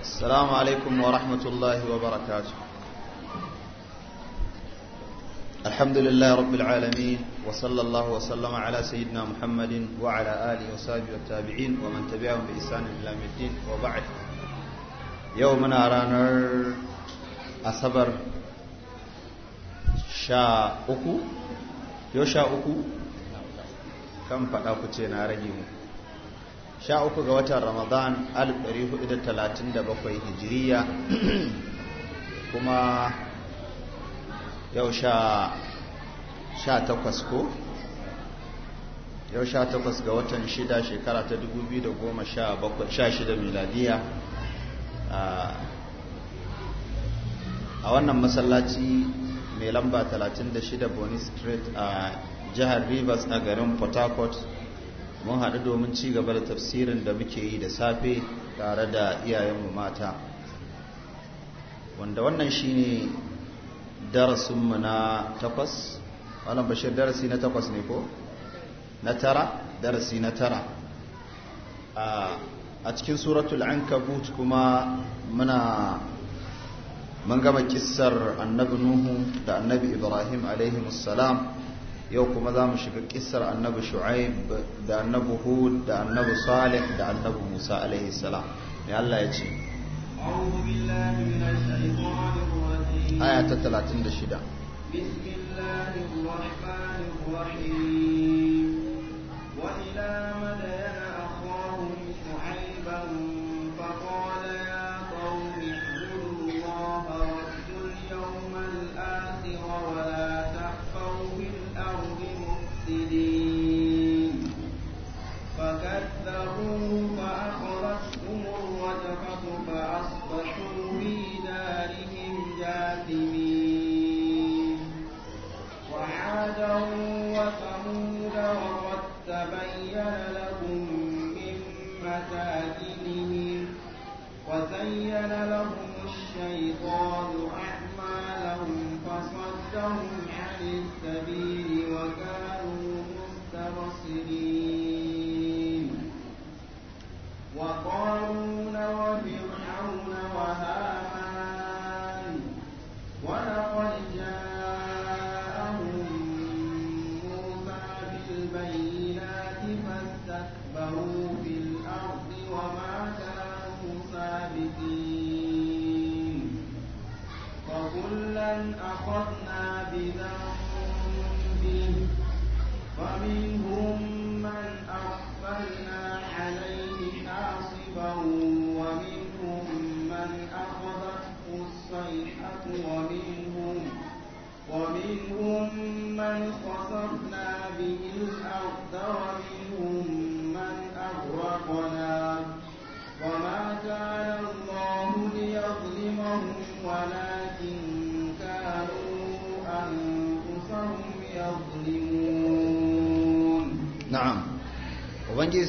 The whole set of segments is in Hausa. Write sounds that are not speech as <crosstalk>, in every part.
السلام عليكم ورحمة الله وبركاته الحمد لله رب العالمين وصلى الله وسلم على سيدنا محمد وعلى آله وصحبه والتابعين ومن تبعهم بإحسان إلى يوم الدين وبعد يومنا رانر أصبر شاء أكو يو شاء أكو كم فتا كتنا رجيمه sha uku ga watan ramadan 1437 hijiriya <clears throat> kuma yau sha takwas ko yau sha takwas ga watan shida shekara ta 2016 miladiya a wannan masallaci mai lamba 36 bonny street a jihar rivers a garin port harcourt mun haɗu domin ci gaba da tafsirin da muke yi da safe tare da iyayenmu mata wanda wannan shine darasinmu na takwas malam bashir darasi na takwas ne ko na tara darasi na tara a cikin suratul ankabut kuma muna mun gama kissar annabi nuhu da annabi ibrahim alaihimussalam yau kuma za mu shiga kisar annabi shu'aib da annabi hud da annabi salih da annabi musa alaihi salam mai allah ya ce aya ta 36 بسم الله الرحمن الرحيم وإلى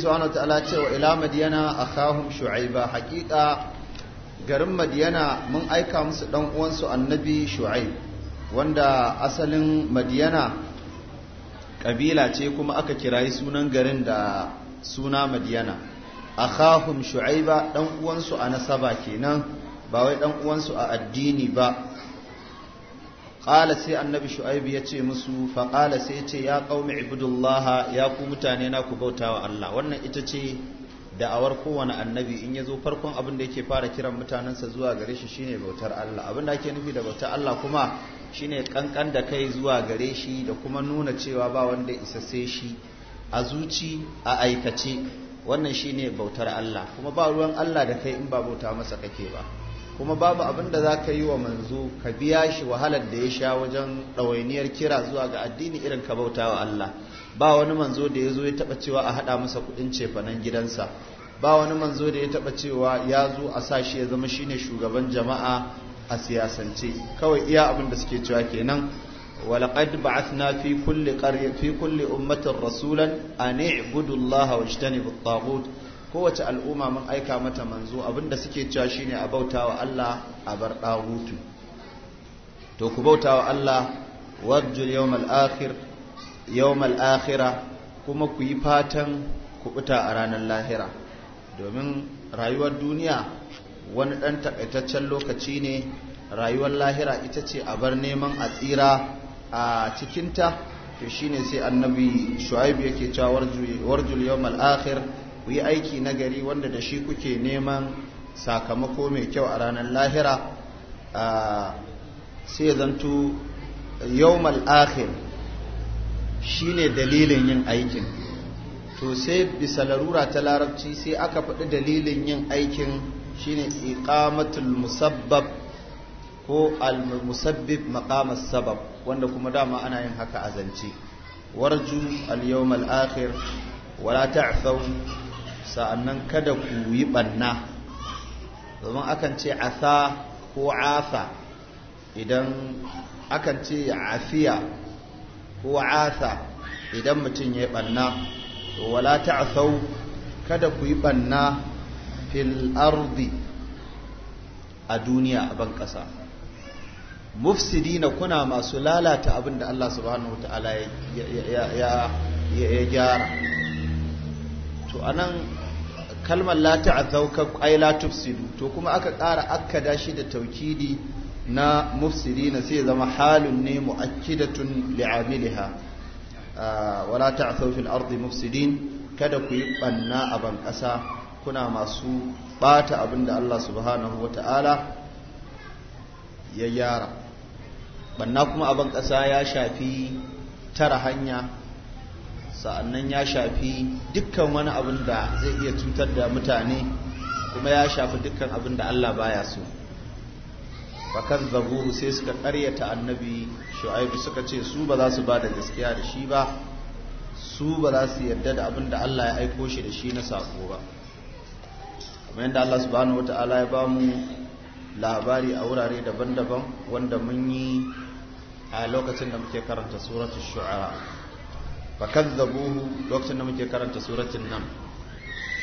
subhanahu wa ce wa ila madiyana akhahum shu'aiba haqiqa garin madiyana mun aika musu dan uwansu annabi shu'aib wanda asalin madiyana kabila ce kuma aka kirayi sunan garin da suna madiyana akhahum shu'aiba dan uwansu a nasaba kenan ba wai dan uwansu a addini ba qala sai annabi Shu'aibu ya ce musu fa qala sai ce ya qaumi ibudullah ya ku mutane na ku bauta wa Allah wannan ita ce da da'awar kowane annabi in ya zo farkon abin da yake fara kiran mutanensa zuwa gare shi shine bautar Allah abin da ake nufi da bautar Allah kuma shine kankan da kai zuwa gare shi da kuma nuna cewa ba wanda isa sai shi a zuci a aikace wannan shine bautar Allah kuma ba ruwan Allah da kai in ba bauta masa kake ba kuma babu abin da za ka yi wa manzo ka biya shi wahalar da ya sha wajen ɗawainiyar kira zuwa ga addini irin ka bauta wa Allah ba wani manzo da ya zo ya taɓa cewa a haɗa masa kuɗin cefanen gidansa ba wani manzo da ya taɓa cewa ya zo a sa shi ya zama shi ne shugaban jama'a a siyasance kawai iya abin da suke cewa kenan ولقد بعثنا في fi kulle في كل أمة kowace al'umma mun aika mata manzo abinda suke cewa shine a bautawa Allah a bar dagutu to ku bautawa Allah wajjul yawmal akhir yawmal akhirah kuma ku yi fatan kubuta a ranar lahira domin rayuwar duniya wani ɗan takaitaccen lokaci ne rayuwar lahira ita ce a bar neman a tsira a cikinta to shine sai annabi shu'aib yake cewa warjul yawmal akhir ku yi aiki nagari wanda da shi kuke neman sakamako mai kyau a ranar lahira sai zanto yawmal akhir ne dalilin yin aikin to sai bisa larura ta larabci sai aka faɗi dalilin yin aikin shi ne iqamatul musabbab ko al-musabbib maqamas sabab wanda kuma dama ana yin haka a zance warju al-yawmal akhir wala ta'thaw sa'annan kada ku yi ɓanna domin akan ce asa ko asa idan akan ce afiya ko asa idan mutum ya yi ɓanna to wala ta'asau kada ku yi ɓanna fil ardi a duniya a ban ƙasa mufsidina kuna masu lalata abin da Allah subhanahu wa ta'ala ya gyara to anan kalmar la ta'thau ka ai la tufsidu to kuma aka ƙara akkada shi da taukidi na na sai zama halun ne mu'akkidatun li'amiliha ah, la ta'thau fil ardi mufsidin kada ku yi banna a ban kuna masu bata abinda Allah subhanahu ta'ala ya yara banna kuma a ban ya shafi tara hanya sa'annan ya shafi dukkan wani abin da zai iya cutar da mutane kuma ya shafi dukkan abin da Allah baya so fakar zabu sai suka karyata annabi shu'aibu suka ce su ba za su ba da gaskiya da shi ba su ba za su yarda da abin da Allah ya aiko shi da shi na sako ba kuma yadda Allah subhanahu wata'ala ya ba mu labari a wurare daban-daban wanda mun yi a lokacin da muke karanta suratul shu'ara fakazzabuhu lokacin da muke karanta suratul nam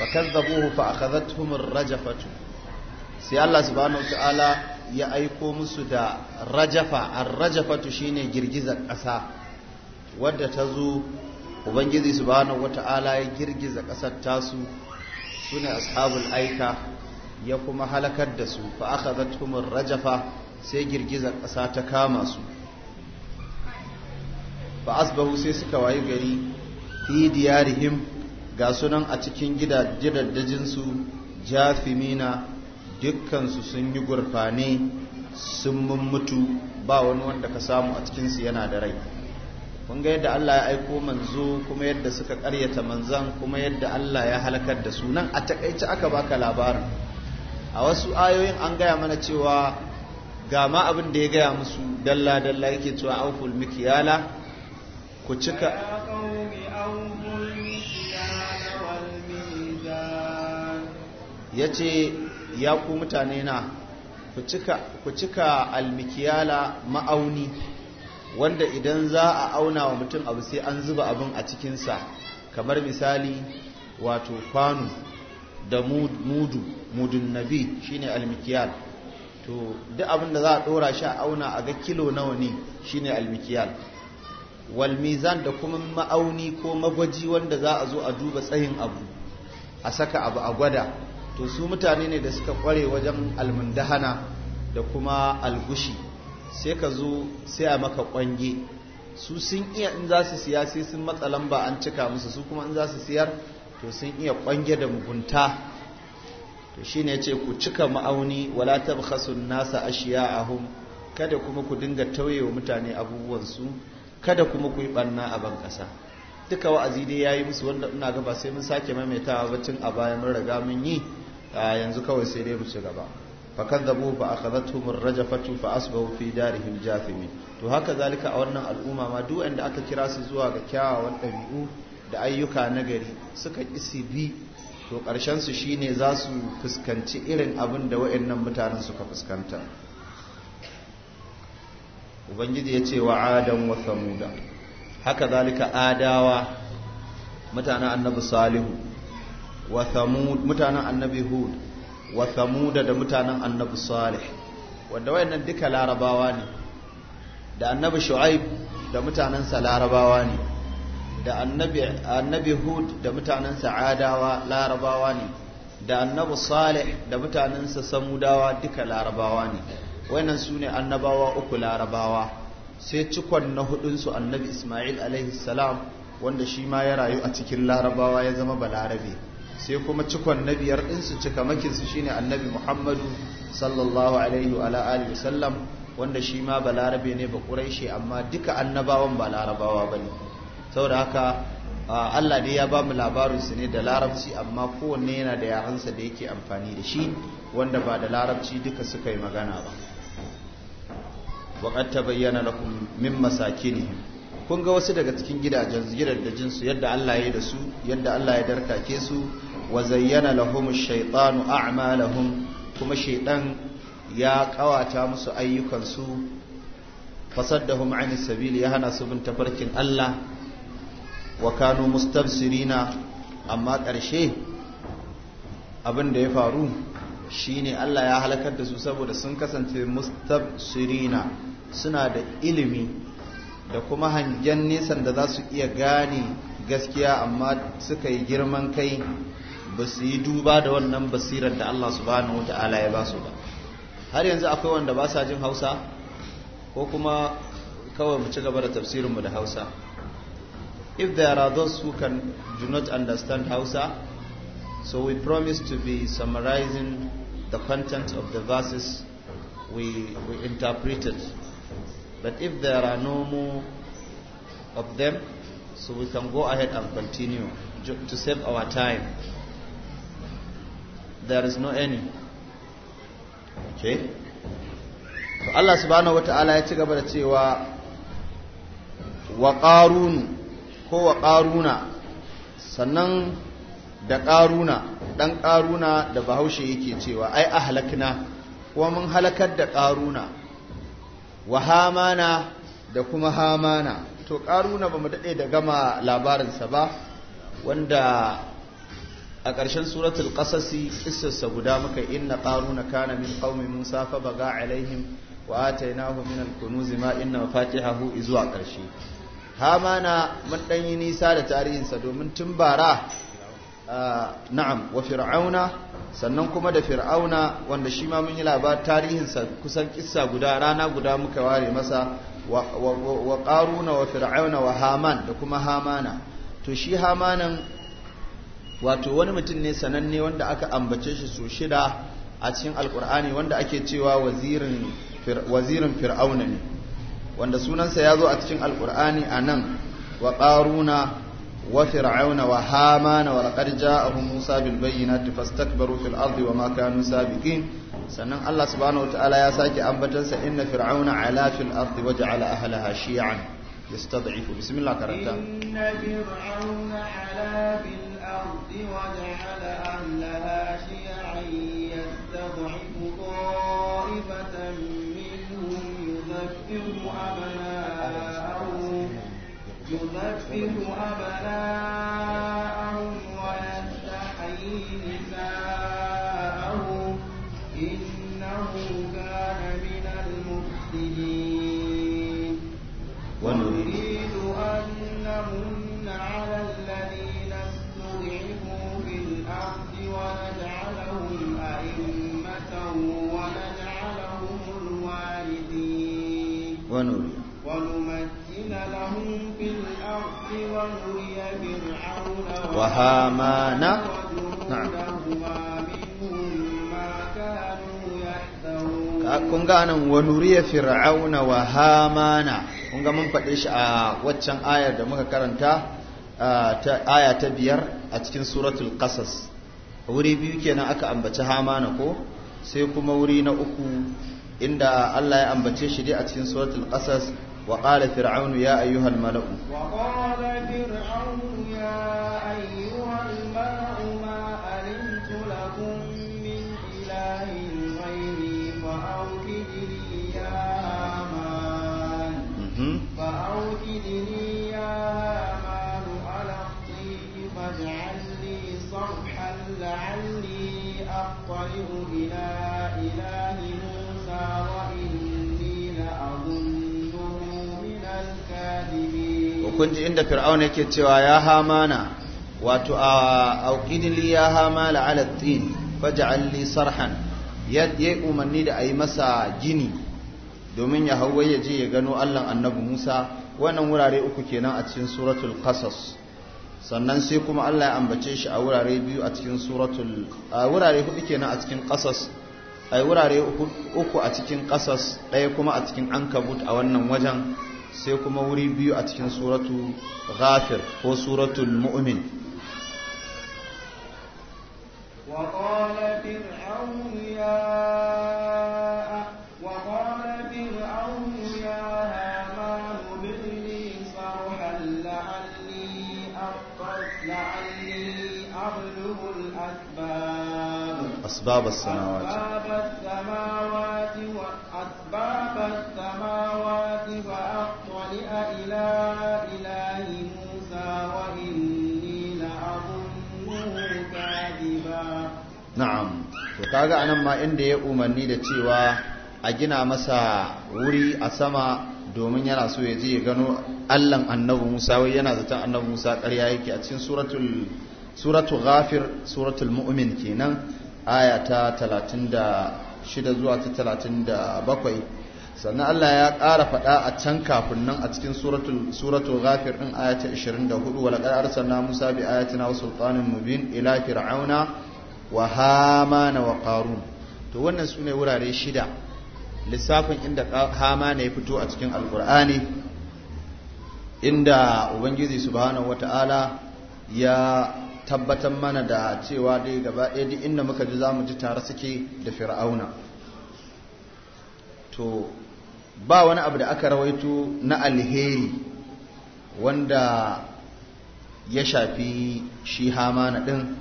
fakazzabuhu fa akhadhatuhum ar sai Allah subhanahu wataala ya aiko musu da rajafa ar-rajafatu shine girgizar ƙasa wadda ta zo ubangiji subhanahu wataala ya girgiza ƙasar tasu sune ashabul aika ya kuma halakar da su fa akhadhatuhum ar-rajafa sai girgizar ƙasa ta kama su fa asbahu sai suka wayi gari fi diyarihim ga sunan a cikin gidajen su jafimina dukkansu sun yi gurfane sun mummutu ba wani wanda ka samu a cikinsu yana da rai kun ga yadda Allah ya aiko manzo kuma yadda suka karyata manzan kuma yadda Allah ya halakar da sunan, a takaice aka baka labarin a wasu ayoyin an gaya mana cewa ga ma abin da ya gaya musu dalla dalla yake cewa auful mikiyala ku cika ya ce ya ku mutane na ku cika almikiyala ma'auni wanda idan za a auna wa mutum abu sai an zuba abin a cikinsa kamar misali wato kwano da mudu mudun nabi shine almikiyal to duk abin da za a dora shi a auna a ga kilo nawa ne shine almikiyal wal mizan da kuma ma'auni ko magwaji wanda za a zo a duba tsayin abu a saka abu a gwada to su mutane ne da suka kware wajen almundahana da kuma algushi sai ka zo sai a maka kwange su sun iya in za su siya sai sun matsa lamba an cika musu su kuma in za su siyar to sun iya kwange da mugunta to shi ne ce ku cika ma'auni wala tabkhasu nasa ashiya'ahum kada kuma ku dinga tauye wa mutane abubuwansu. kada kuma ku yi barna a ban ƙasa duka wa'azi dai ya yi musu wanda ina ga ba sai mun sake maimaitawa bacin a baya mun riga mun yi a yanzu kawai sai dai mu ci gaba fa kadzabu fa akhadhatuhum ar fa asbahu fi darihim to haka zalika a wannan al'umma ma duk wanda aka kira su zuwa ga kyawawan ɗabi'u da ayyuka na gari suka kisi bi to ƙarshen su shine za su fuskanci irin abin da waɗannan mutanen suka fuskanta ubangiji ya ce wa adam wa samuda haka zalika adawa mutanen annabi salihu wa samud mutanen annabi hud wa samuda da mutanen annabi salih wanda wayannan duka larabawa ne da annabi shu'aib da mutanen sa larabawa ne da annabi annabi hud da mutanen sa adawa larabawa ne da annabi salih da mutanen sa samudawa duka larabawa ne wannan su ne annabawa uku larabawa sai cikon na hudunsu annabi ismail alaihi salam wanda shi ma ya rayu a cikin larabawa ya zama balarabe sai kuma cikon na biyar ɗinsu shi ne annabi muhammadu sallallahu alaihi wa alihi sallam wanda shi ma balarabe ne ba ƙuraishe amma duka annabawan ba larabawa ba ne saboda haka allah dai ya ba mu labarinsu ne da larabci amma kowanne yana da yarensa da yake amfani da shi wanda ba da larabci duka suka yi magana ba wa ta bayyana lakum min masakini. kun ga wasu daga cikin gidajen gidajen su yadda Allah ya yi da su yadda Allah ya darkake su wa zayyana lahum ash a'malahum kuma shaiɗan ya kawata musu ayyukan su fasaddahum an sabili ya hana su bin tafarkin Allah wa kanu mustabsirina amma ƙarshe abin da ya faru shine Allah ya halakar da su saboda sun kasance mustabsirina suna da ilimi da kuma hangen nesan da za su iya gane gaskiya amma suka yi girman kai ba su yi duba da wannan basirar da Allah subhanahu wa ta'ala ya ba su ba har yanzu akwai wanda ba sa jin hausa ko kuma kawai mu ci gaba da tafsirinmu da hausa if there are those who can do not understand hausa so we promise to be summarizing the content of the verses we, we interpreted But if there are no more of them, so we can go ahead and continue to save our time. There is no any. Okay? so Allah subhanahu wa ta'ala ya ci gaba da cewa wa ƙarunu ko wa ƙaruna sannan da ƙaruna ɗan ƙaruna da bahaushe yake cewa ai ahlakna kuma mun halakar da ƙaruna wa hamana da kuma hamana to karuna ba mu daɗe da gama labarinsa ba wanda a ƙarshen suratul ƙasasi ƙisarsa guda muka inna ƙaruna kana min qaumi musa fa baga alaihim wa atainahu min al ma inna izu a ƙarshe hamana mun ɗan yi nisa da tarihinsa domin tun bara ah, na'am wa fir'auna sannan kuma da fir'auna wanda shi ma mun yi labar tarihinsa kusan kissa guda rana guda muka ware masa wa ƙaruna wa fir'auna wa haman da kuma hamana to shi hamanan wato wani mutum ne sananne wanda aka ambace shi so shida a cikin alkur'ani wanda ake cewa wazirin fir'auna ne wanda sunansa ya zo a cikin alkur'ani a nan wa ƙaruna وفرعون وهامان ولقد جاءهم موسى بالبينات فاستكبروا في الارض وما كانوا سابقين سنن الله سبحانه وتعالى يا ساكي امبتن ان فرعون علا في الارض وجعل اهلها شيعا يستضعف بسم الله كرتا ان فرعون علا في الارض وجعل اهلها شيعا يستضعف طائفه منهم يذكر ابناءهم يثبت أبناءكم ga nan wa nuriya fir'auna wa hamana kun ga mun faɗe shi a waccan ayar da muka karanta ta aya ta biyar a cikin suratul qasas wuri biyu kenan aka ambaci hamana ko sai kuma wuri na uku inda Allah ya ambace shi dai a cikin suratul qasas wa qala fir'aunu ya ayyuhal mala'u kun ji inda fir'auna yake cewa ya hamana wato a auqidli ya hamala ala tin faj'al li sarhan yadi umarni da ayi masa gini domin ya hawo ya je ya gano Allah annabi Musa wannan wurare uku kenan a cikin suratul qasas sannan sai kuma Allah ya ambace shi a wurare biyu a cikin suratul a wurare hudu kenan a cikin qasas ai wurare uku a cikin qasas ɗaya kuma a cikin ankabut a wannan wajen sai kuma wuri biyu a cikin suratu ghafir ko suratul mu'min وقال فرعون يا أسباب السماوات kaga anan ma inda ya umarni da cewa a gina masa wuri a sama domin yana so ya je ya gano allan annabi musa wai yana zaton annabi musa ƙarya yake a cikin suratul suratul ghafir suratul mu'min kenan aya ta 36 zuwa ta 37 sannan Allah ya ƙara faɗa a can kafin nan a cikin suratul suratul ghafir din aya ta 24 wala laqad arsalna musa bi ayatina wa sultanin mubin ila fir'auna wa hamana wa qarun to wannan sune wurare shida lissafin inda hamana ya fito a cikin alqur'ani inda ubangiji subhanahu wata'ala ya tabbatar mana da cewa dai gaba ɗaya duk inda muka ji mu ji tare suke da fir'auna to ba wani abu da aka rawaito na alheri wanda ya shafi shi hamana ɗin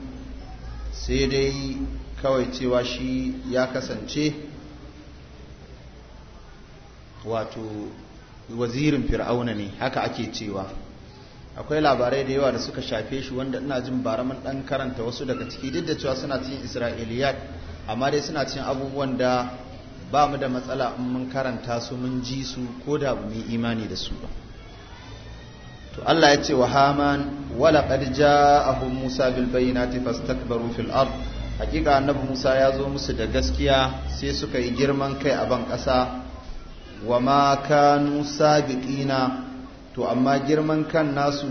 sai dai kawai cewa shi ya kasance wato wazirin fir'auna ne haka ake cewa akwai labarai da yawa da suka shafe shi wanda ina jin baraman dan karanta wasu daga ciki duk da cewa suna cikin isra'iliyat amma dai suna cikin abubuwan da ba mu da matsala in mun karanta su mun ji su ko da mu imani da su to Allah ya ce wa haman wala a ja'ahum musa bil bayyinati fastakbaru fil ard hakika annabi musa ya zo musu da gaskiya sai suka yi girman kai a ban kasa wa ma kanu sabiqina to amma girman kan nasu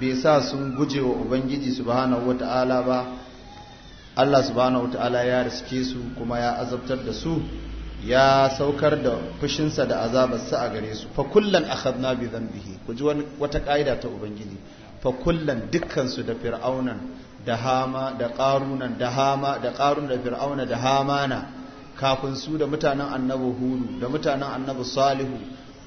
bai sa sun guje wa ubangiji subhanahu wata'ala ba Allah subhanahu wata'ala ya riske su kuma ya azabtar da su ya saukar da fushinsa da azabarsa a gare su fa kullan akhadna bi dhanbihi ku ji wata kaida ta ubangiji fa kullan dukkan su da fir'aunan da hama da qarunan da hama da qarun da fir'auna da hamana kafin su da mutanen annabi hudu da mutanen annabi salihu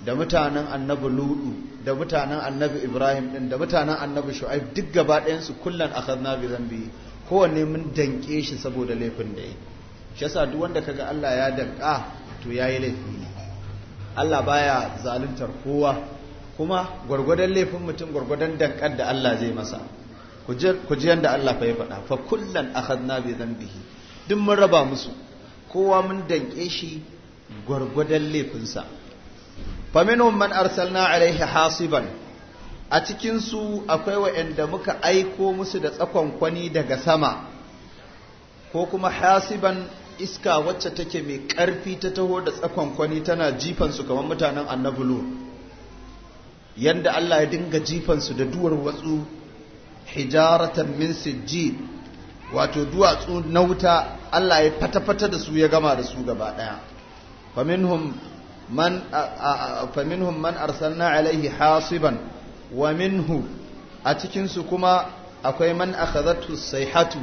da mutanen annabi ludu da mutanen annabi ibrahim din da mutanen annabi shu'aib duk gaba ɗayan su kullan akhadna bi dhanbihi kowanne mun danke shi saboda laifin da yake Shasa duk wanda kaga Allah ya danka to yayi laifi ne Allah baya zaluntar kowa kuma gwargwadon laifin mutum gwargwadon dankar da Allah zai masa ku ji yanda Allah fa ya faɗa fa kullan akhadna bi dhanbihi duk mun raba musu kowa mun danke shi gwargwadon laifinsa fa minhum man arsalna alaihi hasiban a cikin su akwai wa'anda muka aiko musu da tsakon kwani daga sama ko kuma hasiban iska wacce take mai ƙarfi ta taho da tsakon kwani tana jifansu kamar mutanen Annabulu, yanda Allah ya dinga jifansu da duwar watsu hijaratan min sijji wato duwatsu na wuta Allah ya fata-fata da su ya gama da su gaba ɗaya faminhum man faminhum man arsalna alaihi hasiban wa minhu a cikinsu kuma akwai man akhadhatu sayhatu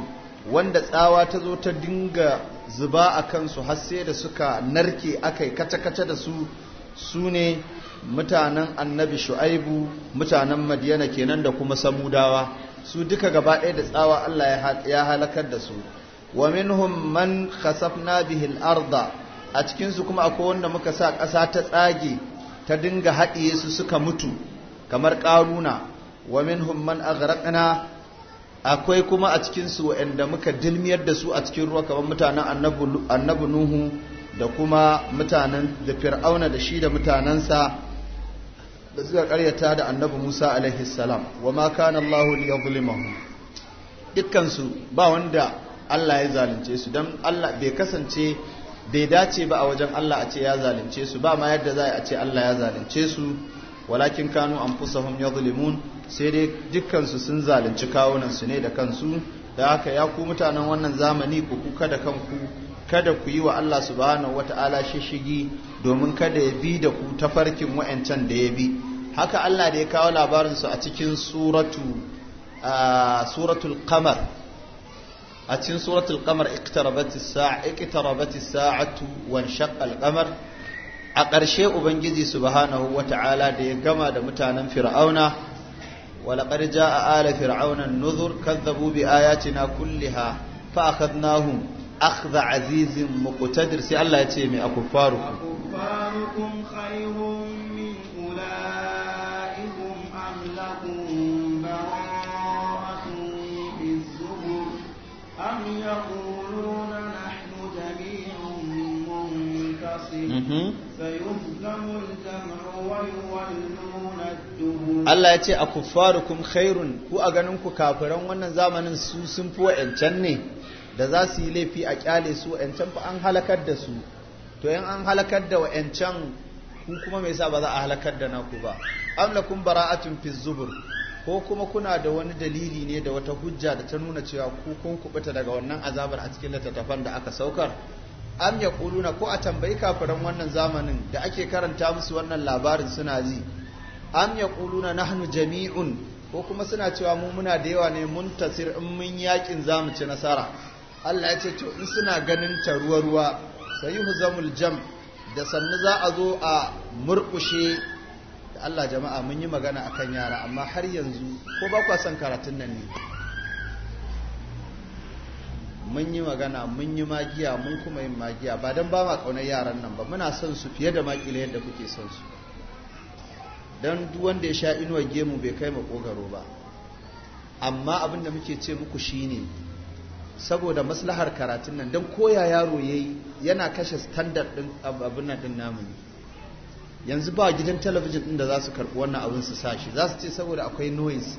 wanda tsawa ta zo ta dinga zuba a kansu har sai da suka narke akai yi kace-kace da su su ne mutanen annabi shu'aibu mutanen madiyana kenan da kuma samudawa su duka gaba ɗaya da tsawa Allah ya halakar da su wa minhum man khasafna bihi al-arda a cikinsu su kuma akwai wanda muka sa ƙasa ta tsage ta dinga haɗiye su suka mutu kamar ƙaruna wa minhum man aghraqna akwai kuma a cikinsu waɗanda muka dilmiyar da su a cikin ruwa kamar mutanen annabi nuhu da kuma mutanen da fir'auna da shi da mutanensa da suka karyata da annabi musa alaihi salam wa ma kana allahu liyadhlimahum dukkansu ba wanda allah ya zalunce su dan allah bai kasance bai dace ba a wajen allah a ce ya zalunce su ba ma yadda za a ce allah ya zalunce su walakin kanu anfusahum yadhlimun sai dai dukkansu sun zalunci kawunansu ne da kansu da haka ya ku mutanen wannan zamani ku kuka da kanku kada ku yi wa Allah subhanahu wata'ala shishigi domin kada ya bi da ku ta farkin wa'ancan da ya bi haka Allah da ya kawo labarinsu a cikin suratu suratul qamar a cikin suratul qamar iqtarabat as-sa'a iqtarabat as-sa'atu wan shaqqa al-qamar a ƙarshe ubangiji subhanahu wata'ala da ya gama da mutanen fir'auna ولقد جاء آل فرعون النذر كذبوا بآياتنا كلها فأخذناهم أخذ عزيز مقتدر سي الله يتيمي أكفاركم أكفاركم خير من أولئكم أم لكم براءة في الزبر أم يقولون نحن جميع منتصر سيهزم الجمع ويولون Allah ya ce a kuffarukum khairun ku a ganin ku kafiran wannan zamanin su sun fi wa'ancan ne da za su yi laifi a kyale su wa'ancan fa an halakar da su to in an halakar da wa'ancan kun kuma me yasa ba za a halakar da naku ba am lakum bara'atun fi zubur ko kuma kuna da wani dalili ne da wata hujja da ta nuna cewa ku kun kubuta daga wannan azabar a cikin littattafan da aka saukar am yaquluna ko a tambayi kafiran wannan zamanin da ake karanta musu wannan labarin suna ji am yaquluna nahnu jami'un ko kuma suna cewa mu muna da yawa ne muntasir in mun yakin zamu ci nasara Allah ya ce to in suna ganin ta ruwa ruwa huzamul jam da sannu za a zo a murkushe Allah jama'a mun yi magana akan yara amma har yanzu ko ba kwa son karatun nan ne mun yi magana mun yi magiya mun kuma yin magiya ba don ba ma ƙaunar yaran nan ba muna son su fiye da makila yadda kuke son su don duk wanda ya sha inuwar gemu bai kai makogaro ba amma abin da muke ce muku shine saboda maslahar karatun nan don koya yaro ya yi yana kashe standard din abin nan din namu yanzu ba gidan talabijin ɗin da za su karɓi wannan abin su sa shi za su ce saboda akwai noise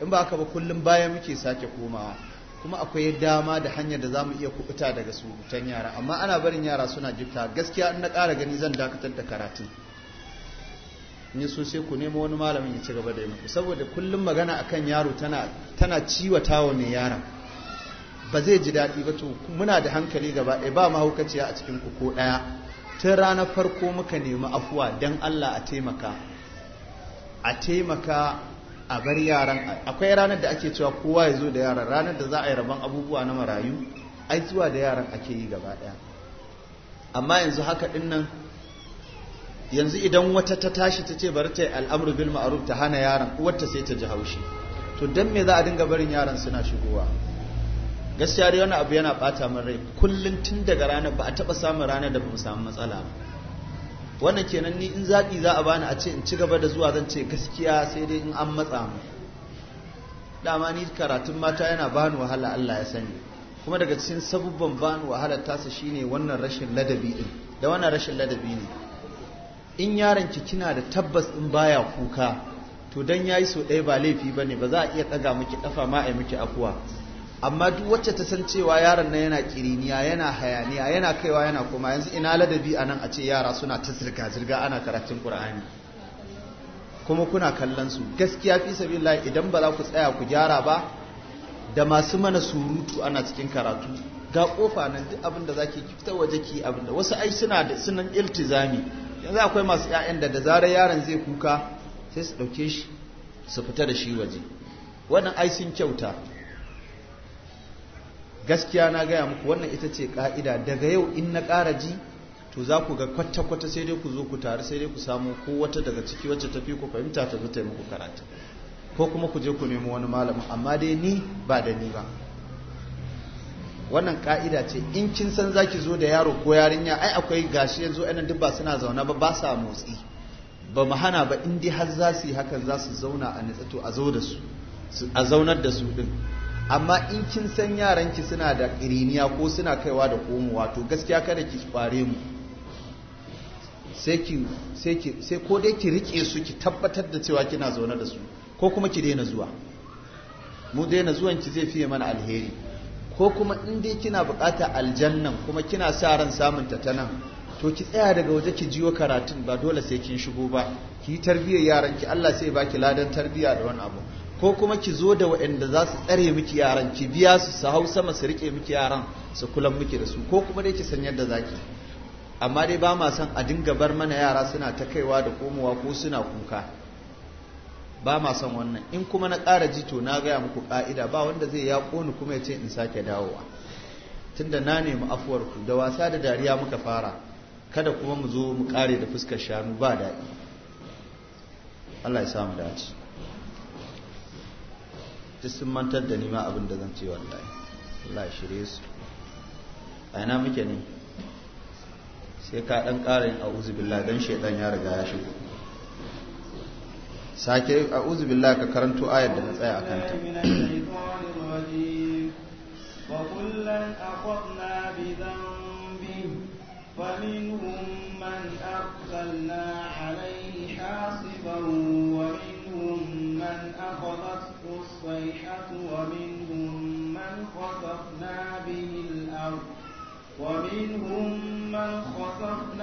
in ba haka ba kullum baya muke sake komawa kuma akwai dama da hanyar da za mu iya kubuta daga surutan yara amma ana barin yara suna jifta gaskiya in na ƙara gani zan dakatar da karatun ni so sai ku nemo wani malamin ya ci gaba da yi muku saboda kullum magana akan yaro tana tana ciwata wa mai yaron ba zai ji daɗi ba to muna da hankali gaba ɗaya ba mahaukaciya a cikin ku ko ɗaya tun ranar farko muka nemi afuwa dan Allah a taimaka a taimaka a bar yaran akwai ranar da ake cewa kowa ya zo da yaran ranar da za a yi rabon abubuwa na marayu ai zuwa da yaran ake yi gaba ɗaya amma yanzu haka ɗin nan yanzu idan wata ta tashi ta ce bari ta yi al'amuru bil ma'aruf ta hana yaron uwarta sai ta ji haushi to dan me za a dinga barin yaran suna shigowa gaskiya dai wani abu yana bata min rai kullum tun daga ranar ba a taba samun ranar da ba mu samu matsala ba wannan kenan ni in zaɓi za a bani a ce in ci gaba da zuwa zan ce gaskiya sai dai in an matsa mu dama ni karatun mata yana bani wahala Allah ya sani kuma daga cikin sabubban bani wahala tasa shine wannan rashin ladabi din da wannan rashin ladabi ne in yaron ki kina da tabbas in baya kuka to dan yayi so ɗaya ba laifi bane ba za a iya ɗaga miki ɗafa ma a miki afuwa amma duk wacce ta san cewa yaron nan yana kiriniya yana hayaniya yana kaiwa yana koma yanzu ina ladabi anan a ce yara suna ta zirga zirga ana karatun qur'ani kuma kuna kallon su gaskiya fi sabilillah idan ba za ku tsaya ku gyara ba da masu mana surutu ana cikin karatu ga kofa nan duk abin da zaki waje ki abin wasu ai suna da sunan iltizami yanzu akwai masu ƴaƴan da da zarar yaron zai kuka sai su ɗauke shi su fita da shi waje wannan ai sun kyauta gaskiya na gaya muku wannan ita ce ka'ida daga yau in na ƙara ji to za ku ga kwata-kwata sai dai ku zo ku taru sai dai ku samu ko wata daga ciki wacce ta fi ku fahimta ta zo ta yi muku karatu ko kuma ku je ku nemi wani malamin amma dai ni ba da ni ba wannan ka'ida ce in kin san zaki zo da yaro ko yarinya ai akwai gashi yanzu ɗan duk ba suna zauna ba ba sa motsi ba mu hana ba in dai har za su yi hakan za su zauna a nitsa to a zo da su a zaunar da su din amma in kin san yaranki suna da ƙiriniya ko suna kaiwa da komowa to gaskiya kada ki kware mu sai ki sai ki sai ko dai ki rike su ki tabbatar da cewa kina zaune da su ko kuma ki daina zuwa mu daina zuwan ki zai fiye mana alheri ko kuma in dai kina bukata aljannan kuma kina sa ran samun ta tana to ki tsaya daga waje ki jiyo karatun ba dole sai kin shigo ba ki yi tarbiyyar yaran ki Allah sai baki ladan tarbiya da wani abu ko kuma ki zo da waɗanda za su tsare miki yaran ki biya su su hau sama su rike miki yaran su kulan miki da su ko kuma dai ki san yadda zaki amma dai ba ma son a dinga bar mana yara suna ta kaiwa da komowa ko suna kuka ba ma son wannan in kuma na ƙara ji to na gaya muku ƙa'ida ba wanda zai ya ƙoni kuma ya ce in sake dawowa tunda na nemi afuwar ku da wasa da dariya muka fara kada kuma mu zo mu ƙare da fuskar shanu ba daɗi Allah ya samu dace duk sun mantar da nima abin da zan ce wallahi Allah ya shirye su a ina muke ne sai ka ɗan yin a'uzu billah don shaidan ya riga ya shigo sake a billahi ka karanto ayar da na tsaya a kanta ومنهم من خطفنا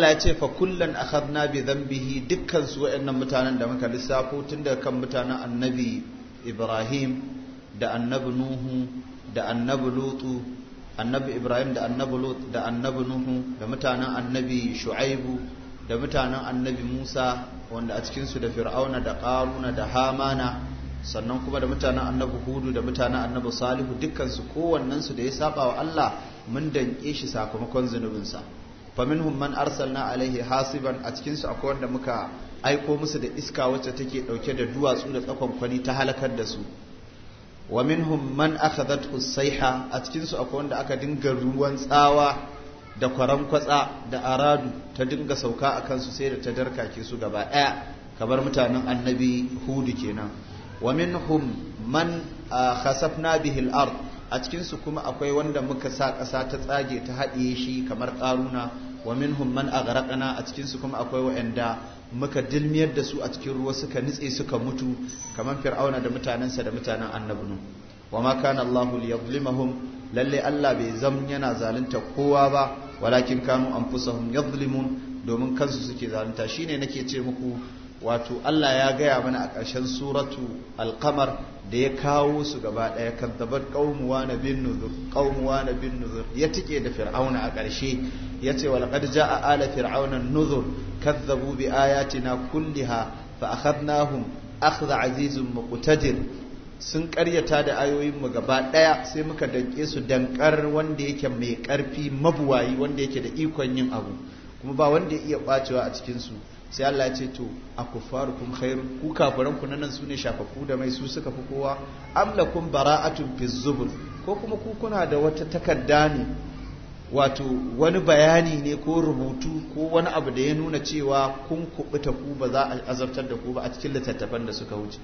Allah ya ce fa kullan akhadna bi dhanbihi dukkan su wayannan mutanen da muka lissafo tun daga kan mutanen annabi Ibrahim da annabi Nuhu da annabi Lutu annabi Ibrahim da annabi Lut da annabi Nuhu da mutanen annabi Shu'aibu da mutanen annabi Musa wanda a cikinsu da Fir'auna da Qaruna da Hamana sannan kuma da mutanen annabi Hudu da mutanen annabi Salihu dukkan su kowannen su da ya saba wa Allah mun danƙe shi sakamakon zunubinsa faminhum man arsalna alaihi hasiban a cikin su akwai wanda muka aiko musu da iska wacce take dauke da duwatsu da tsakon kwani ta halakar da su wa minhum man akhadathu sayha a cikin su akwai wanda aka dinga ruwan tsawa da kwaran kwatsa da aradu ta dinga sauka a kansu sai da ta darkake su gaba daya kamar mutanen annabi hudu kenan wa minhum man ah, khasafna bihil al a cikinsu kuma akwai wanda muka sa ƙasa ta tsage ta haɗiye shi kamar ƙaruna wa humman man garaƙana a cikinsu kuma akwai wa'anda muka dilmiyar da su a cikin ruwa suka nitse suka mutu kamar fir'auna da mutanensa da mutanen annabi wa ma kana Allahu liyadhlimahum lalle Allah bai zam yana zalunta kowa ba walakin kanu anfusahum yadhlimun domin kansu suke zalunta shine nake ce muku wato Allah ya gaya mana a ƙarshen suratu alkamar da ya kawo su gaba ɗaya kan tabar ƙaunuwa na bin nuzur ƙaunuwa na bin nuzur ya tike da fir'auna a ƙarshe ya ce ja a ala fir'auna nuzur kazzabu bi ayatina kulliha fa akhadnahum akhdha azizun muqtadir sun karyata da ayoyinmu gaba ɗaya sai muka danƙe su dankar wanda yake mai ƙarfi mabuwayi wanda yake da ikon yin abu kuma ba wanda ya iya ɓacewa a cikinsu sai Allah ya ce to akufarukum khairun ku kafiran ku nan sune shafafu da mai su suka fi kowa amlakum bara'atun fi ko kuma ku kuna da wata takarda ne wato wani bayani ne ko rubutu ko wani abu da ya nuna cewa kun kubuta ku ba za a azabtar da ku ba a cikin littattafan da suka wuce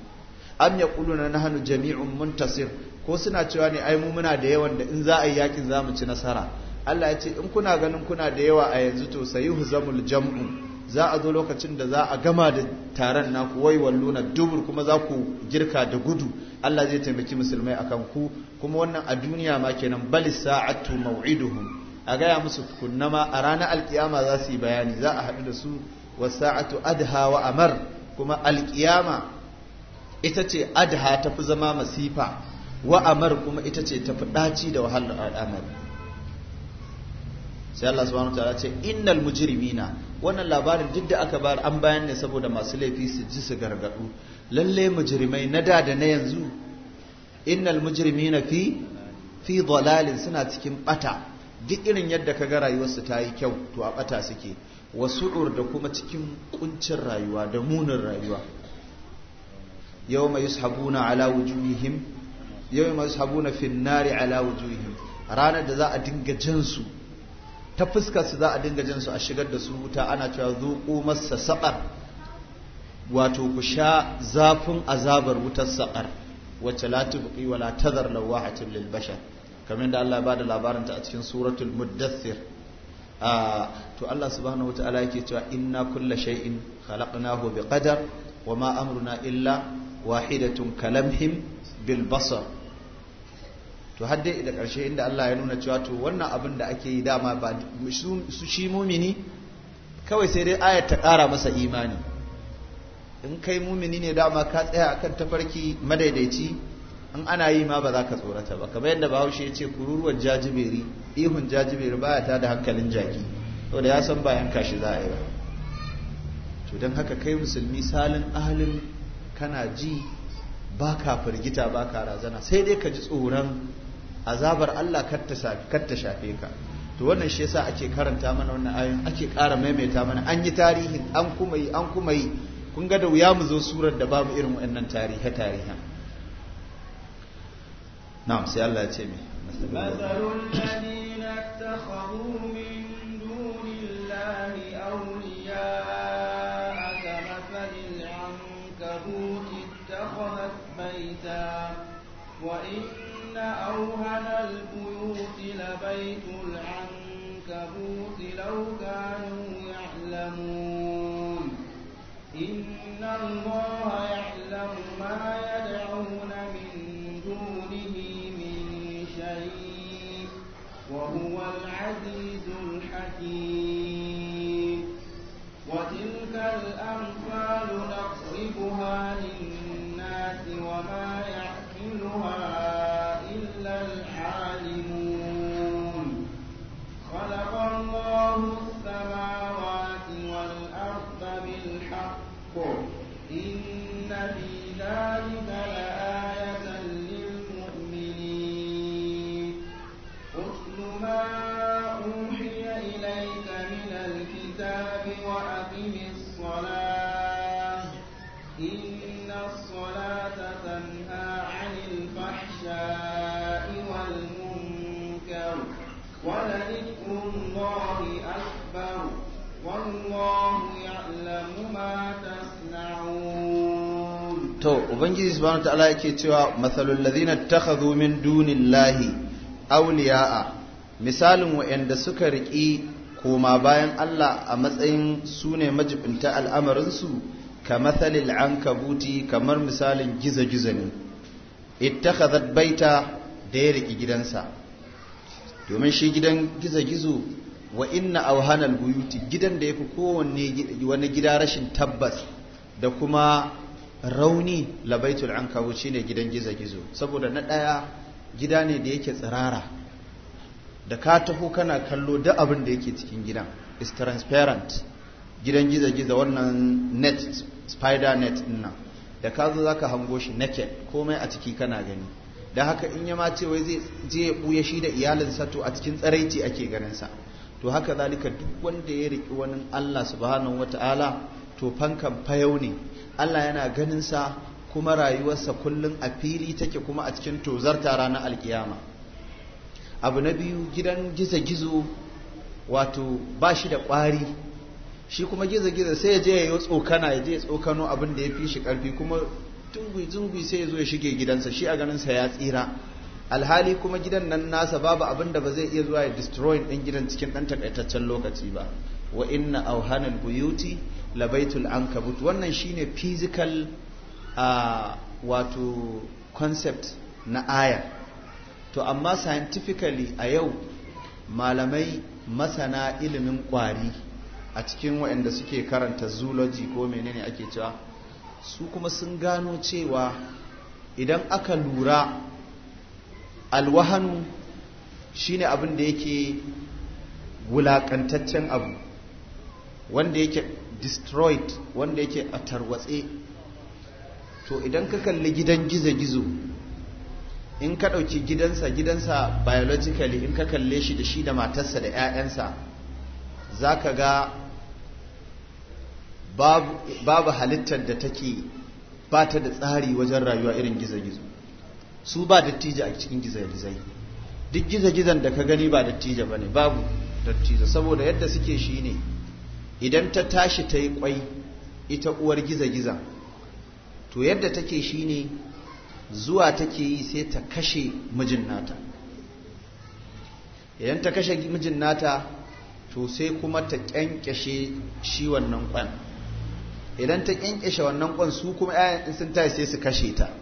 am yaquluna nahnu jami'un muntasir ko suna cewa ne ai mu muna da yawan da in za a yi yakin za mu ci nasara Allah ya ce in kuna ganin kuna da yawa a yanzu to sayuhu zamul jam'u za a zo lokacin da za a gama da taron naku wai walluna dubur kuma za ku girka da gudu Allah zai taimaki musulmai akan ku kuma wannan a duniya ma kenan bal sa'atu maw'iduhum a gaya musu kunnama a ranar alkiyama za su yi bayani za a haɗu da su wa sa'atu adha wa amar kuma alkiyama ita ce adha ta fi zama masifa wa amar kuma ita ce ta fi ɗaci da wahalar al'amari sai Allah subhanahu wa ta'ala ce innal mujrimina wannan labarin duk da aka bar an bayan ne saboda masu laifi su ji su gargadu lalle mujrimai na da da na yanzu innal mujrimina fi fi dalalin suna cikin bata duk irin yadda ka ga rayuwarsu ta yi kyau to a bata suke wasu'ur da kuma cikin kuncin rayuwa da munin rayuwa yawma yushabuna ala wujuhihim yawma yushabuna fin nari ala wujuhihim ranar da za a dinga jansu ta fuskar su za a dinga jan su a shigar da su wuta ana cewa zuqu massa saƙar wato ku sha zafin azabar wutar saƙar wacce la tubqi wa la tadhar lawahatin lil bashar kamar da Allah ya bada labarinta a cikin suratul muddathir ah, to Allah subhanahu wataala yake cewa inna kulla shay'in khalaqnahu ƙadar wa ma amruna illa wahidatun kalamhim bil basar to har dai da ƙarshe inda Allah ya nuna cewa to wannan abin da ake yi dama ba su shi mumini kawai sai dai ayat ta kara masa imani in kai mumini ne dama ka tsaya akan tafarki madaidaici in ana yi ma ba za ka tsorata ba kamar yadda bahaushe ya ce kururuwar jajiberi ihun jajiberi baya ta da hankalin jaki da ya san bayan shi za a yi ba to don haka kai musulmi salin ahalin kana ji ba ka firgita ba ka razana sai dai ka ji tsoron azabar Allah kar ta shafe ka to wannan shi yasa ake karanta mana wannan ayoyin ake ƙara maimaita mana an yi tarihin an kuma yi an kuma yi kun ga da wuya mu zo surar da babu irin waɗannan tarihi tarihi na'am sai Allah ya ce mi masalul ladina ittakhadhu min dunillahi awliya kamathalil ankabut ittakhadhat baita wa in إن أوهن البيوت لبيت العنكبوت لو كانوا يعلمون إن الله يعلم ما يدعون من دونه من شيء وهو العزيز الحكيم ubangiji subhanahu ta'ala yake cewa mathalul ladina takhadhu min dunillahi awliya'a misalin wa'anda suka riki koma bayan Allah a matsayin sune majibinta al'amarinsu ka mathalil ankabuti kamar misalin gizo-gizo ne ittakhadhat baita da ya riki gidansa domin shi gidan giza gizo wa inna auhanal buyuti gidan da yafi kowanne wani gida rashin tabbas da kuma rauni labaitul ankabu shine gidan gizo-gizo saboda na ɗaya gida ne da yake tsirara da ka taho kana kallo da abin da yake cikin gidan is transparent gidan gizo-gizo wannan net spider net nan da ka zo zaka hango shi naked komai a ciki kana gani da haka in ya mace wai zai je ya buya shi da iyalinsa to a cikin tsaraici ake ganin sa to haka zalika duk wanda ya riki wani Allah subhanahu wataala to fankan fayau ne Allah yana ganin sa kuma rayuwarsa kullum a fili take kuma a cikin tozarta ranar alkiyama abu na biyu gidan gizo-gizo wato ba shi da ƙwari shi kuma gizo-gizo sai ya je ya yi tsokana ya je ya tsokano abin da ya fi shi karfi kuma tungui-tungui sai ya zo ya shige gidansa shi a ganin sa ya tsira alhali kuma gidan nan nasa babu abin da ba zai iya zuwa ya destroy ɗin gidan cikin ɗan takaitaccen lokaci ba wa inna auhanal buyuti labaitul ankabut wannan shine physical uh, wato concept na aya to amma scientifically a yau malamai masana ilimin kwari a cikin waɗanda suke karanta zoology ko menene ake cewa su kuma sun gano cewa idan aka lura alwahanu shine abin da yake wulakantaccen abu wanda yake destroyed wanda yake a tarwatse to idan ka kalli gidan gizo-gizo in ka ɗauki gidansa gidansa biologically in ka kalle shi da shi da matarsa da 'ya'yansa za ka ga babu halittar da take ba ta da tsari wajen rayuwa irin gizo-gizo su ba dattijo a cikin gizo-gizai duk gizo-gizon da ka gani ba dattijo ba ne babu dattijo saboda yadda suke shi ne idan ta tashi ta yi kwai ita uwar giza-giza to yadda take shine zuwa take yi sai ta kashe mijin nata idan ta kashe mijin nata to sai kuma ta kyankyashe shi wannan kwan idan ta kyankyashe wannan kwan su kuma 'ya'yan sun tashi sai su kashe ta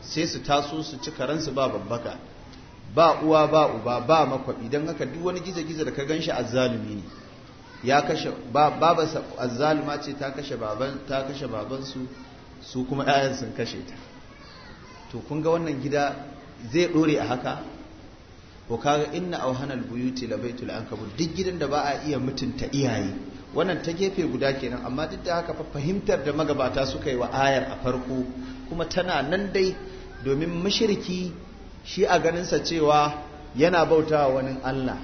sai su taso su ci karansu ba babbaka ba uwa ba uba ba makwabi don haka duk wani giza da ka gan shi a azzalumi ne ya kashe babansa azzalima ce ta kashe baban ta kashe babansu su kuma ƴaƴan sun kashe ta to kun ga wannan gida zai dore a haka ko kaga inna auhanal buyuti la baitul ankabut duk gidan da ba a iya mutunta iyaye wannan ta gefe guda kenan amma duk da haka fahimtar da magabata suka yi wa ayar a farko kuma tana nan dai domin mashirki shi a ganin sa cewa yana bautawa wani Allah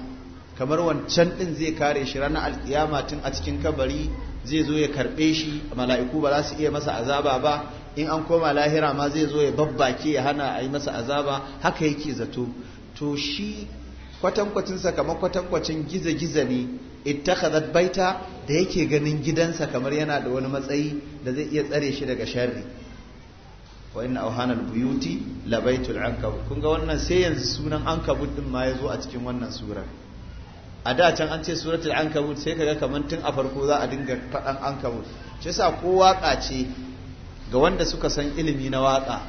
kamar wancan din zai kare shi ranar alkiyama tun a cikin kabari zai zo ya karbe shi mala'iku ba za su iya masa azaba ba in an koma lahira ma zai zo ya babbake ya hana a yi masa azaba haka yake zato to shi kwatankwacinsa kamar kwatankwacin giza-giza ne ittakhadhat baita da yake ganin gidansa kamar yana da wani matsayi da zai iya tsare shi daga sharri wa inna awhanal buyuti labaitul ankabut kun ga wannan sai yanzu sunan ankabut din ma ya zo a cikin wannan surar a da can an ce suratul ankabut sai kaga kaman tun a farko za a dinga faɗan ankabut shi yasa ko waka ce ga wanda suka san ilimi na waka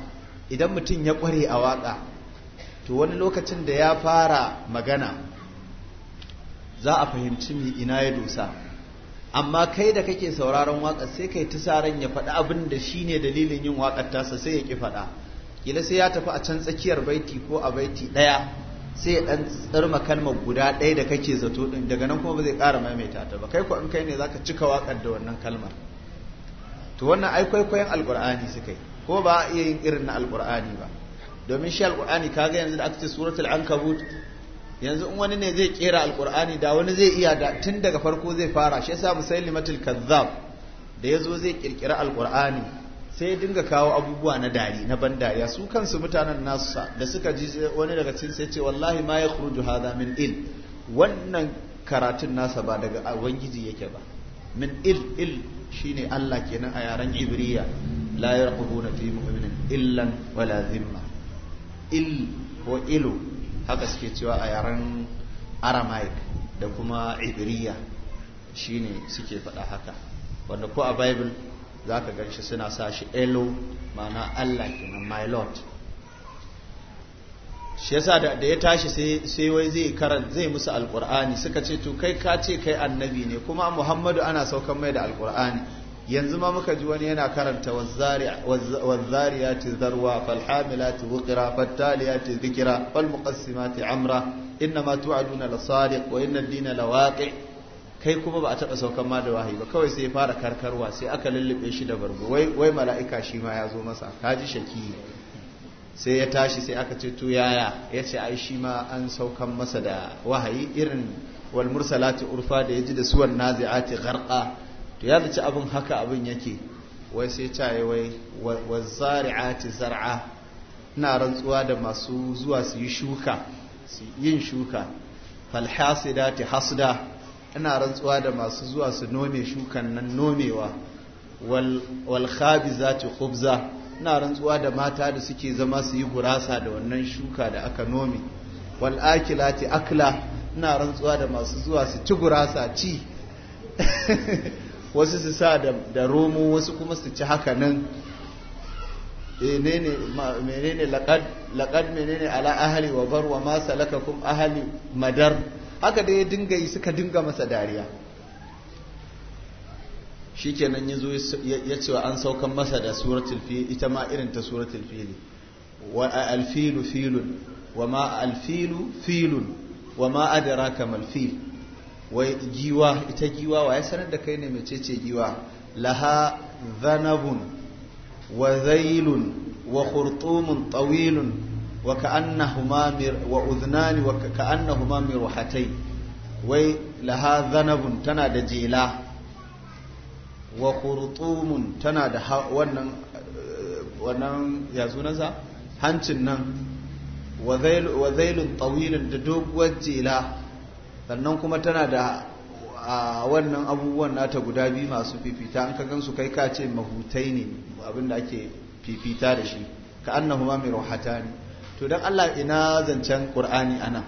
idan mutum ya kware a waka to wani lokacin da ya fara magana za a fahimci mi ina ya dosa amma kai da kake sauraron waka sai kai tusaran ya faɗi abin da shine dalilin yin waƙar tasa sai ya ki faɗa kila sai ya tafi a can tsakiyar baiti ko a baiti ɗaya sai ya dan tsirma kalmar guda ɗaya da kake zato din daga nan kuma ba zai ƙara maimaita ta ba kai ko in kai ne zaka cika waƙar da wannan kalmar to wannan ai kwaikwayon alqur'ani suka yi ko ba a iya yin irin na alqur'ani ba domin shi alqur'ani kaga yanzu da aka ce suratul ankabut yanzu in wani ne zai kera alqur'ani da wani zai iya da tun daga farko zai fara shi yasa musailimatul kazzab da yazo zai kirkira alqur'ani sai dinga kawo abubuwa na dari na ban dariya su kansu mutanen nasu da suka ji wani daga cikin sai ce wallahi ma ya khruju hadha min il wannan karatun nasa ba daga ubangiji yake ba min il il shine Allah kenan a yaren ibriya la yarqubuna fi mu'minin illan wala zimma il ko ilu haka suke cewa a yaran aramaic da kuma ibriya shine suke faɗa haka wanda ko a bible za ka ganshi suna sa shi elo ma'ana Allah kenan my lord shi yasa da ya tashi sai wai zai karanta zai musu alkur'ani suka ce to kai ka ce kai annabi ne kuma Muhammadu ana saukan mai da alkur'ani yanzu ma muka ji wani yana karanta ce zarwa falhamilati wuqra zikira dhikra falmuqassimati amra inna ma tu'aduna sadiq wa inna dina lawaqi' kai kuma ba a taɓa saukan ma da wahayi ba kawai sai ya fara karkarwa sai aka lullube shi da bargo wai mala'ika shi ma ya zo masa ji shaki sai ya tashi sai aka ce to yaya ya ce ai shi ma an saukan masa da wahayi irin wal mursalati urfa da yaji da suwar nazi'ati gharqa to ya zaci abin haka abin yake wai sai ta yi wai wazzari'ati zar'a ina rantsuwa da masu zuwa su yi shuka yin shuka falhasidati hasda ina rantsuwa da masu zuwa su nome shukan nan nomewa wal khabizatu khubza ina rantsuwa da mata da suke zama su yi gurasa da wannan shuka da aka nome wal akilati akla ina rantsuwa da masu zuwa su ci gurasa ci <laughs> wasu su sa da romo wasu kuma su ci haka nan menene laƙad menene ala ahali wa bar wa masa salakakum ahali madar haka da ya dinga yi suka dinga masa dariya shikenan ya zo ya cewa an saukan masa da suratul fi ita ma irin ta suratul fili wa alfilu filun wa ma alfilu filun wa ma adraka mal fil wai giwa ita giwa wa ya sanar da kai ne mecece giwa laha dhanabun wa zailun wa khurtumun tawilun وكأنهما مر وأذنان wa مرحتين وي لها ذنب تنادى جيلا وخرطوم تنادى ونن ونن يا زونزا هانتن وذيل وذيل طويل sannan kuma tana da a wannan abubuwan nata guda biyu masu fifita an ka gansu kai ka ce mahutai ne abinda ake fifita da shi ka annahuma mai rohata ne to dan Allah ina zancen Qur'ani anan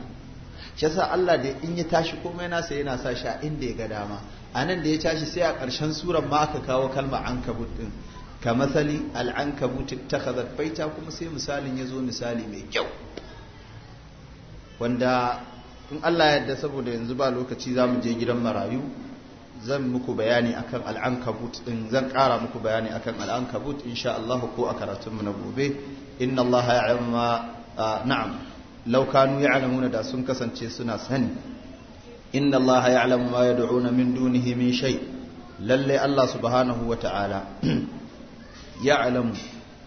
shi yasa Allah da in ya tashi komai nasa yana sa shi a inda ya ga dama nan da ya tashi sai a ƙarshen surar ma aka kawo kalma ankabut din ka masali al'ankabut ittakhadhat baita kuma sai misalin ya zo misali mai kyau wanda in Allah yadda saboda yanzu ba lokaci zamu je gidan marayu zan muku bayani akan al'ankabut din zan ƙara muku bayani akan al'ankabut insha Allah ko a mu na gobe inna Allah ya'lamu na'am law kanu ya'lamuna da sun kasance suna sani inna Allah ya'lamu ma yad'una min dunihi min shay lalle Allah subhanahu ya ya'lamu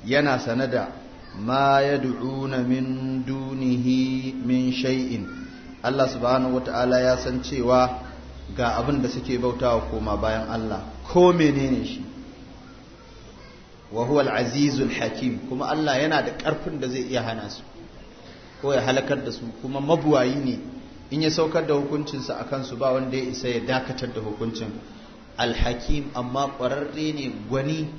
yana sanada ma yad'una min dunihi min shay'in Allah subhanahu ta'ala ya san cewa ga abin da suke bautawa koma bayan Allah ko menene shi wa huwa al-azizul hakim kuma Allah yana da ƙarfin da zai iya hana su ko ya halakar da su kuma mabuwayi ne in ya saukar da hukuncinsa a kansu ba wanda ya isa ya dakatar da hukuncin alhakim amma ƙwararre ne gwani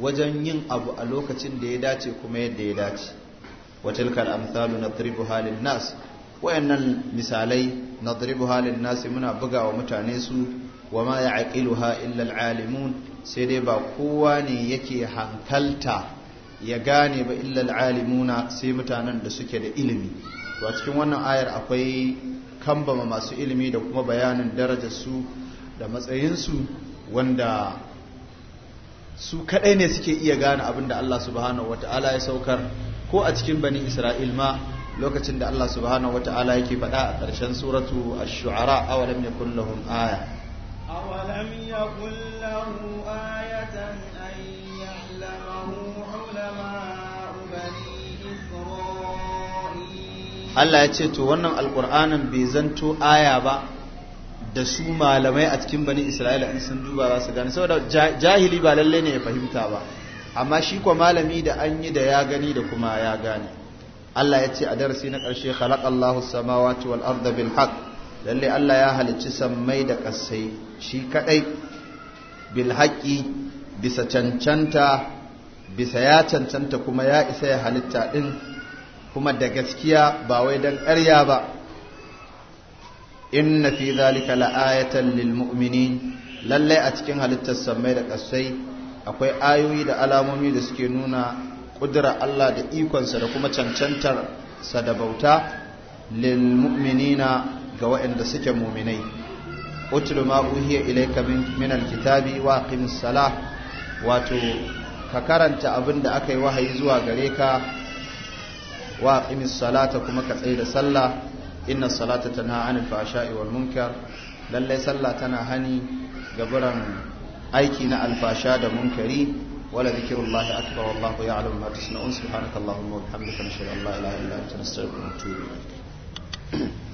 wajen yin abu a lokacin da ya dace kuma yadda ya dace watilkar amsalu na tribu halin nas wayannan misalai na tribu halin nas muna buga wa mutane su wa ma ya aƙiluha illa al'alimun sai dai ba kowa ne yake hankalta ya gane ba illal alimuna sai mutanen da suke da ilimi to a cikin wannan ayar akwai kambama masu ilimi da kuma bayanin darajarsu da matsayinsu wanda su kadai ne suke iya gane abinda da Allah subhanahu wata'ala ya saukar ko a cikin bani Isra'il ma lokacin da Allah subhanahu wata'ala yake faɗa a ƙarshen suratu ash-shu'ara lam yakul lahum aya lam yakul lahum ayatan Allah ya ce to wannan alƙur'anin bai zanto aya ba da su malamai a cikin bani Isra'ila in sun duba za su gane saboda jahili ba lallai ne ya fahimta ba amma shi kuwa malami da an yi da ya gani da kuma ya gane Allah ya ce a darasi na ƙarshe khalaqallahu samawati wal arda bil haqq lalle Allah ya halicci sammai da kasai shi kadai bil haqqi bisa cancanta bisa ya cancanta kuma ya isa ya halitta din kuma da gaskiya ba wai dan ƙarya ba inna fi zalika la'ayatan lil mu'minin a cikin halittar sammai da kasai akwai ayoyi da alamomi da suke nuna kudura Allah da ikonsa da kuma cancantar sa da bauta lil ga waɗanda suke muminai utul ma uhiya ilayka min alkitabi wa aqimis salah wato ka karanta abin da aka yi wahayi zuwa gare ka wa aqimis salata kuma ka tsaye da sallah inna salata tanha anil fahsha'i wal munkar lalle sallah tana hani gaburan aiki na alfasha da munkari wala zikrullahi akbar wallahu ya'lamu ma tasna'un subhanakallahumma wa bihamdika nashhadu an la ilaha illa anta nastaghfiruka wa natubu